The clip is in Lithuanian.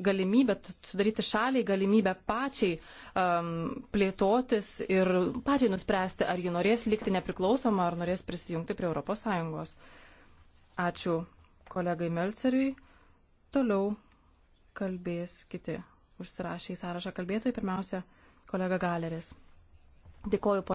galimybę, sudaryti šaliai galimybę pačiai um, plėtotis ir pačiai nuspręsti, ar ji norės likti nepriklausoma, ar norės prisijungti prie ES. Ačiū kolegai Melceriui. Toliau kalbės kiti užsirašę į sąrašą kalbėtojai. Pirmiausia, kolega Galeris. Dėkoju.